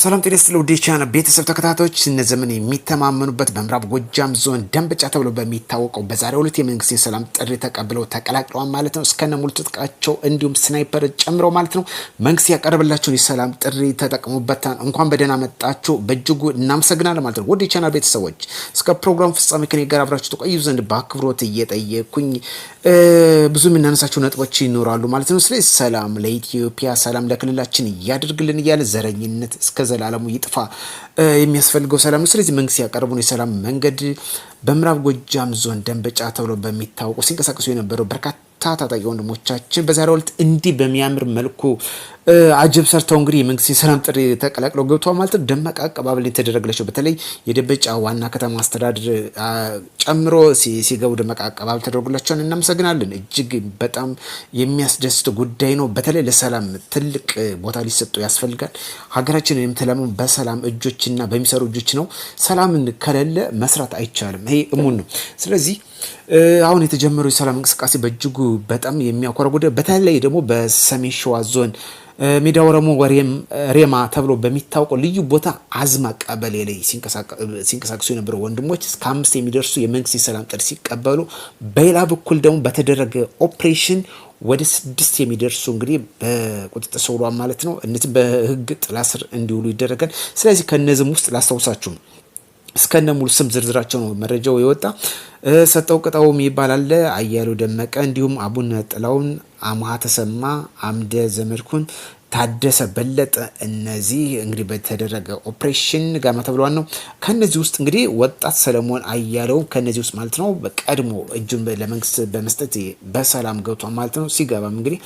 ሰላም ጤና ስጥ ለውዴ ቻናል ቤተሰብ ተከታታዮች ዘመን የሚተማመኑበት በምዕራብ ጎጃም ዞን ደንበጫ ተብሎ በሚታወቀው በዛሬው ዕለት የመንግስት የሰላም ጥሪ ተቀብለው ተቀላቅለዋል ማለት ነው። እስከነ ሙሉ ትጥቃቸው እንዲሁም ስናይፐር ጨምረው ማለት ነው። መንግስት ያቀረበላቸውን የሰላም ጥሪ ተጠቅሙበታል። እንኳን በደህና መጣችሁ። በእጅጉ እናመሰግናለን ማለት ነው። ወዴ ቻናል ቤተሰቦች እስከ ፕሮግራም ፍጻሜ ከኔ ጋር አብራችሁ ተቆዩ ዘንድ በአክብሮት እየጠየኩኝ ብዙ የምናነሳቸው ነጥቦች ይኖራሉ ማለት ነው። ስለዚህ ሰላም ለኢትዮጵያ፣ ሰላም ለክልላችን እያደርግልን እያለ ዘረኝነት እስከ ለዘላለሙ ይጥፋ የሚያስፈልገው ሰላም ነው። ስለዚህ መንግስት ያቀረቡን የሰላም መንገድ በምዕራብ ጎጃም ዞን ደንበጫ ተብሎ በሚታወቁ ሲንቀሳቀሱ የነበረው በርካታ ታጣቂ ወንድሞቻችን በዛሬው ዕለት እንዲህ በሚያምር መልኩ አጀብ ሰርተው እንግዲህ የመንግስት የሰላም ጥሪ ተቀላቅለው ገብተዋል ማለት ነው። አቀባበል የተደረገላቸው በተለይ የደበጫ ዋና ከተማ አስተዳደር ጨምሮ ሲገቡ ደማቅ አቀባበል ተደረጉላቸውን እናመሰግናለን። እጅግ በጣም የሚያስደስት ጉዳይ ነው። በተለይ ለሰላም ትልቅ ቦታ ሊሰጡ ያስፈልጋል። ሀገራችን የምትለመው በሰላም እጆችና በሚሰሩ እጆች ነው። ሰላምን ከሌለ መስራት አይቻልም። ይሄ እሙን ነው። ስለዚህ አሁን የተጀመረው የሰላም እንቅስቃሴ በእጅጉ በጣም የሚያኮራ ጉዳይ፣ በተለይ ደግሞ በሰሜን ሸዋ ዞን ሜዳ ወረሞ ሬማ ተብሎ በሚታወቀው ልዩ ቦታ አዝማ ቀበሌ ላይ ሲንቀሳቀሱ የነበሩ ወንድሞች እስከ አምስት የሚደርሱ የመንግስት የሰላም ጥሪ ሲቀበሉ፣ በሌላ በኩል ደግሞ በተደረገ ኦፕሬሽን ወደ ስድስት የሚደርሱ እንግዲህ በቁጥጥር ስር ውሏል ማለት ነው። እነዚህ በህግ ጥላ ስር እንዲውሉ ይደረጋል። ስለዚህ ከእነዚህም ውስጥ ላስታውሳችሁም እስከነ ሙሉ ስም ዝርዝራቸው ነው መረጃው የወጣ። ሰጠው ቅጣው የሚባል አለ፣ ደመቀ፣ እንዲሁም አቡነ ጥላውን፣ አምሃ ተሰማ፣ አምደ ዘመድኩን ታደሰ በለጠ እነዚህ እንግዲህ በተደረገ ኦፕሬሽን ጋማ ተብለዋል ነው። ከነዚህ ውስጥ እንግዲህ ወጣት ሰለሞን አያለው ከነዚህ ውስጥ ማለት ነው ቀድሞ እጁን ለመንግስት በመስጠት በሰላም ገብቷል ማለት ነው። ሲገባም እንግዲህ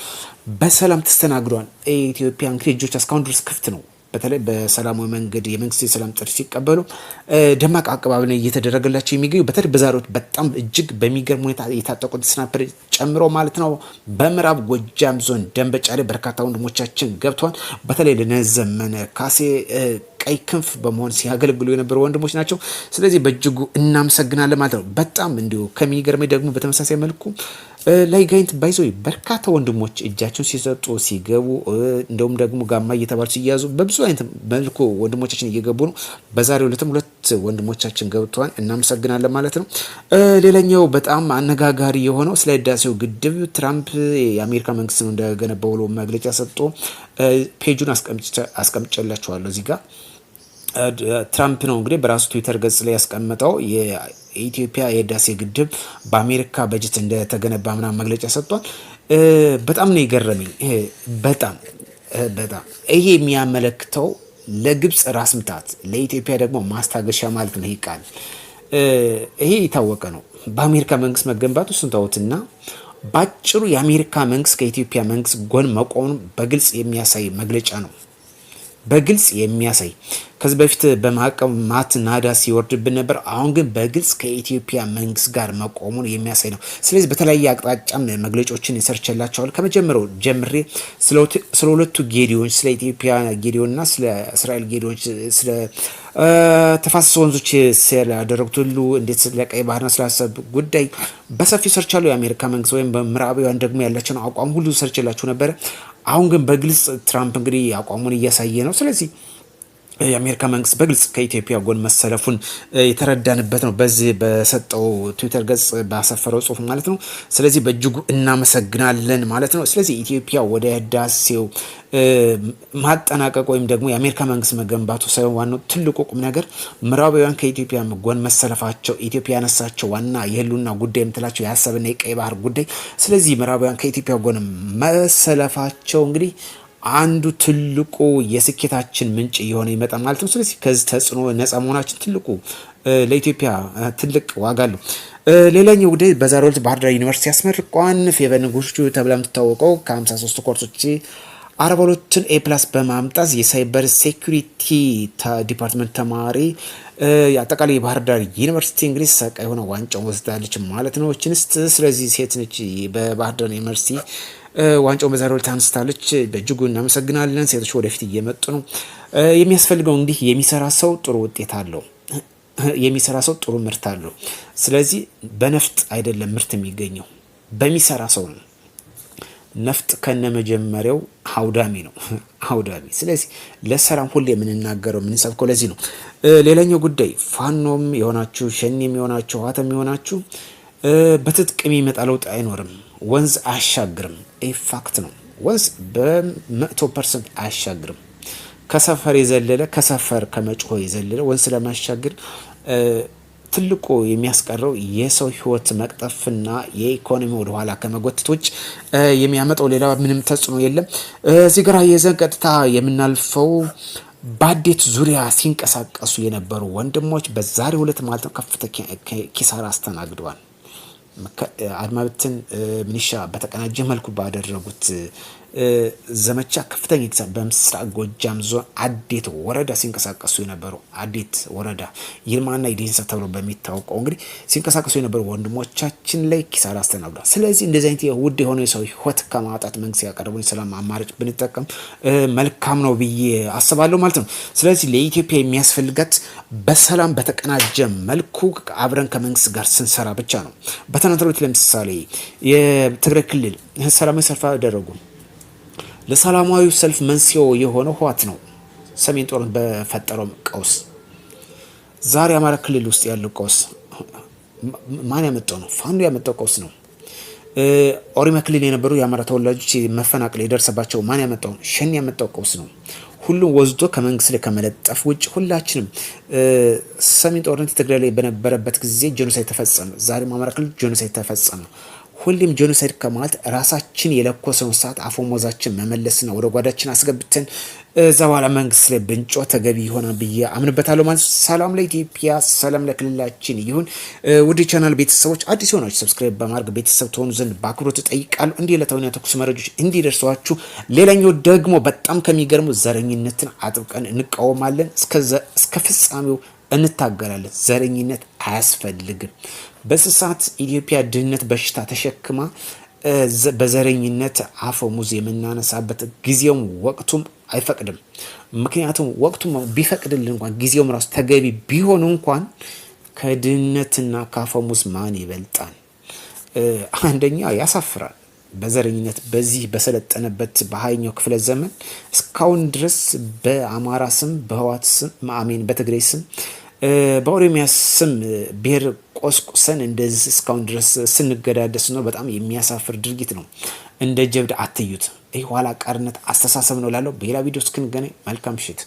በሰላም ተስተናግዷል። ኢትዮጵያ እንግዲህ እጆች እስካሁን ድረስ ክፍት ነው። በተለይ በሰላማዊ መንገድ የመንግስት የሰላም ጥሪ ሲቀበሉ ደማቅ አቀባበል እየተደረገላቸው የሚገኙ በተለይ በዛሬዎች በጣም እጅግ በሚገርም ሁኔታ የታጠቁት ስናፐር ጨምሮ ማለት ነው። በምዕራብ ጎጃም ዞን ደንበጫ ላይ በርካታ ወንድሞቻችን ገብተዋል። በተለይ ለነዘመነ ካሴ ቀይ ክንፍ በመሆን ሲያገለግሉ የነበሩ ወንድሞች ናቸው። ስለዚህ በእጅጉ እናመሰግናለን ማለት ነው። በጣም እንዲሁ ከሚገርመኝ ደግሞ በተመሳሳይ መልኩ ጋይንት ባይዞ በርካታ ወንድሞች እጃቸው ሲሰጡ ሲገቡ እንደውም ደግሞ ጋማ እየተባሉ ሲያዙ በብዙ አይነት መልኩ ወንድሞቻችን እየገቡ ነው። በዛሬው ዕለትም ሁለት ወንድሞቻችን ገብተዋል። እናመሰግናለን ማለት ነው። ሌላኛው በጣም አነጋጋሪ የሆነው ስለ ህዳሴው ግድብ ትራምፕ የአሜሪካ መንግስት ነው እንደገነባው ብሎ መግለጫ ሰጥቶ ፔጁን አስቀምጨላችኋለሁ እዚህ ጋር ትራምፕ ነው እንግዲህ በራሱ ትዊተር ገጽ ላይ ያስቀመጠው የኢትዮጵያ የህዳሴ ግድብ በአሜሪካ በጀት እንደተገነባ ምናምን መግለጫ ሰጥቷል። በጣም ነው የገረመኝ። በጣም በጣም ይሄ የሚያመለክተው ለግብፅ ራስ ምታት፣ ለኢትዮጵያ ደግሞ ማስታገሻ ማለት ነው። ይቃል ይሄ የታወቀ ነው። በአሜሪካ መንግስት መገንባቱ ስንታወትና ባጭሩ የአሜሪካ መንግስት ከኢትዮጵያ መንግስት ጎን መቆሙን በግልጽ የሚያሳይ መግለጫ ነው። በግልጽ የሚያሳይ ከዚህ በፊት በማዕቀብ ማት ናዳ ሲወርድብን ነበር። አሁን ግን በግልጽ ከኢትዮጵያ መንግስት ጋር መቆሙን የሚያሳይ ነው። ስለዚህ በተለያየ አቅጣጫም መግለጫዎችን ይሰርችላቸዋል። ከመጀመሪያው ጀምሬ ስለ ሁለቱ ጌዲዮች፣ ስለ ኢትዮጵያ ጌዲዮና ስለ እስራኤል ጌዲዮች፣ ስለ ተፋሰስ ወንዞች ስላደረጉት ሁሉ እንዴት ስለ ቀይ ባህርና ስላሰብ ጉዳይ በሰፊው ሰርቻለሁ። የአሜሪካ መንግስት ወይም በምዕራባውያን ደግሞ ያላቸውን አቋም ሁሉ ሰርችላችሁ ነበረ። አሁን ግን በግልጽ ትራምፕ እንግዲህ አቋሙን እያሳየ ነው። ስለዚህ የአሜሪካ መንግስት በግልጽ ከኢትዮጵያ ጎን መሰለፉን የተረዳንበት ነው፣ በዚህ በሰጠው ትዊተር ገጽ ባሰፈረው ጽሁፍ ማለት ነው። ስለዚህ በእጅጉ እናመሰግናለን ማለት ነው። ስለዚህ ኢትዮጵያ ወደ ህዳሴው ማጠናቀቅ ወይም ደግሞ የአሜሪካ መንግስት መገንባቱ ሳይሆን ዋናው ትልቁ ቁም ነገር ምዕራባውያን ከኢትዮጵያ ጎን መሰለፋቸው፣ ኢትዮጵያ ያነሳቸው ዋና የህልውና ጉዳይ የምትላቸው የሀሰብና የቀይ ባህር ጉዳይ፣ ስለዚህ ምዕራባውያን ከኢትዮጵያ ጎን መሰለፋቸው እንግዲህ አንዱ ትልቁ የስኬታችን ምንጭ እየሆነ ይመጣል ማለት ነው። ስለዚህ ከዚህ ተጽዕኖ ነጻ መሆናችን ትልቁ ለኢትዮጵያ ትልቅ ዋጋ አለው። ሌላኛው ጉዳይ በዛሬው ዕለት ባህር ዳር ዩኒቨርሲቲ ያስመርቋን ፌቨን ንጉሱ ተብላ የምትታወቀው ከ53 ኮርሶች አርባ ሁለቱን ኤ ፕላስ በማምጣት የሳይበር ሴኩሪቲ ዲፓርትመንት ተማሪ አጠቃላይ የባህር ዳር ዩኒቨርሲቲ እንግዲህ ሰቃ የሆነ ዋንጫውን ወስዳለች ማለት ነው። ችንስት ስለዚህ ሴት ነች በባህር ዳር ዩኒቨርሲቲ ዋንጫውን በዛሬው ዕለት አንስታለች። በእጅጉ እናመሰግናለን። ሴቶች ወደፊት እየመጡ ነው። የሚያስፈልገው እንግዲህ የሚሰራ ሰው ጥሩ ውጤት አለው የሚሰራ ሰው ጥሩ ምርት አለው። ስለዚህ በነፍጥ አይደለም ምርት የሚገኘው በሚሰራ ሰው ነው። ነፍጥ ከነ መጀመሪያው አውዳሚ ነው አውዳሚ። ስለዚህ ለሰላም ሁሌ የምንናገረው የምንሰብከው ለዚህ ነው። ሌላኛው ጉዳይ ፋኖም የሆናችሁ ሸኔም የሆናችሁ ህወሓትም የሆናችሁ በትጥቅ የሚመጣ ለውጥ አይኖርም። ወንዝ አያሻግርም። ፋክት ነው። ወንዝ በመቶ ፐርሰንት አያሻግርም። ከሰፈር የዘለለ ከሰፈር ከመጭሆ የዘለለ ወንዝ ስለማያሻግር ትልቁ የሚያስቀረው የሰው ህይወት መቅጠፍና የኢኮኖሚ ወደኋላ ከመጎተት ውጭ የሚያመጣው ሌላ ምንም ተጽዕኖ የለም። እዚህ ጋር የዘን ቀጥታ የምናልፈው ባዴት ዙሪያ ሲንቀሳቀሱ የነበሩ ወንድሞች በዛሬው ዕለት ማለት ነው ከፍተኛ ኪሳራ አስተናግደዋል። አድማብትን ሚኒሻ በተቀናጀ መልኩ ባደረጉት ዘመቻ ከፍተኛ ጊዜ በምስራቅ ጎጃም ዞን አዴት ወረዳ ሲንቀሳቀሱ የነበሩ አዴት ወረዳ ይልማና ይዴንሳ ተብሎ በሚታወቀው እንግዲህ ሲንቀሳቀሱ የነበሩ ወንድሞቻችን ላይ ኪሳራ አስተናግዷል። ስለዚህ እንደዚህ አይነት ውድ የሆነ የሰው ህይወት ከማውጣት መንግስት ያቀረቡን የሰላም አማራጭ ብንጠቀም መልካም ነው ብዬ አስባለሁ ማለት ነው። ስለዚህ ለኢትዮጵያ የሚያስፈልጋት በሰላም በተቀናጀ መልኩ አብረን ከመንግስት ጋር ስንሰራ ብቻ ነው። በተናተሮች ለምሳሌ የትግራይ ክልል ሰላማዊ ሰልፍ አደረጉ። ለሰላማዊ ሰልፍ መንስኤ የሆነው ህወሓት ነው። ሰሜን ጦርነት በፈጠረው ቀውስ ዛሬ አማራ ክልል ውስጥ ያለው ቀውስ ማን ያመጣው ነው? ፋኖ ያመጣው ቀውስ ነው። ኦሮሚያ ክልል የነበሩ የአማራ ተወላጆች መፈናቀል የደረሰባቸው ማን ያመጣው? ሸኔ ያመጣው ቀውስ ነው። ሁሉም ወዝቶ ከመንግስት ላይ ከመለጠፍ ውጭ ሁላችንም ሰሜን ጦርነት ትግራይ ላይ በነበረበት ጊዜ ጄኖሳይድ ተፈጸመ። ዛሬም አማራ ክልል ጄኖሳይድ ተፈጸመ። ሁሌም ጄኖሳይድ ከማለት ራሳችን የለኮሰውን ሰዓት አፈሙዛችን መመለስና ወደ ጓዳችን አስገብተን እዛ በኋላ መንግስት ላይ ብንጮ ተገቢ ይሆናል ብዬ አምንበታለሁ። ማለት ሰላም ለኢትዮጵያ፣ ሰላም ለክልላችን ይሁን። ውድ ቻናል ቤተሰቦች አዲስ የሆናችሁ ሰብስክራይብ በማድረግ ቤተሰብ ተሆኑ ዘንድ በአክብሮት እጠይቃለሁ። እንዲህ ለተውኛ ተኩስ መረጆች እንዲደርሰዋችሁ። ሌላኛው ደግሞ በጣም ከሚገርሙ ዘረኝነትን አጥብቀን እንቃወማለን። እስከ ፍጻሜው እንታገላለን። ዘረኝነት አያስፈልግም። በስሳት ኢትዮጵያ ድህነት በሽታ ተሸክማ በዘረኝነት አፈሙዝ የምናነሳበት ጊዜውም ወቅቱም አይፈቅድም። ምክንያቱም ወቅቱም ቢፈቅድልን እንኳን ጊዜውም ራሱ ተገቢ ቢሆን እንኳን ከድህነትና ከአፈሙዝ ማን ይበልጣል? አንደኛ ያሳፍራል። በዘረኝነት በዚህ በሰለጠነበት በሀያኛው ክፍለ ዘመን እስካሁን ድረስ በአማራ ስም በህዋት ስም ማሜን በትግሬ ስም በኦሮሚያ ስም ብሔር ቆስቁሰን እንደዚህ እስካሁን ድረስ ስንገዳደስ ነው። በጣም የሚያሳፍር ድርጊት ነው። እንደ ጀብድ አትዩት። ይህ ኋላ ቀርነት አስተሳሰብ ነው ላለው በሌላ ቪዲዮ እስክንገናኝ መልካም ምሽት።